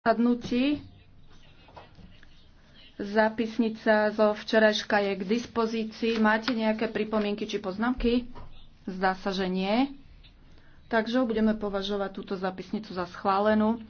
zasadnutí. Zápisnica zo včerajška je k dispozícii. Máte nejaké pripomienky či poznámky? Zdá sa, že nie. Takže budeme považovať túto zápisnicu za schválenú.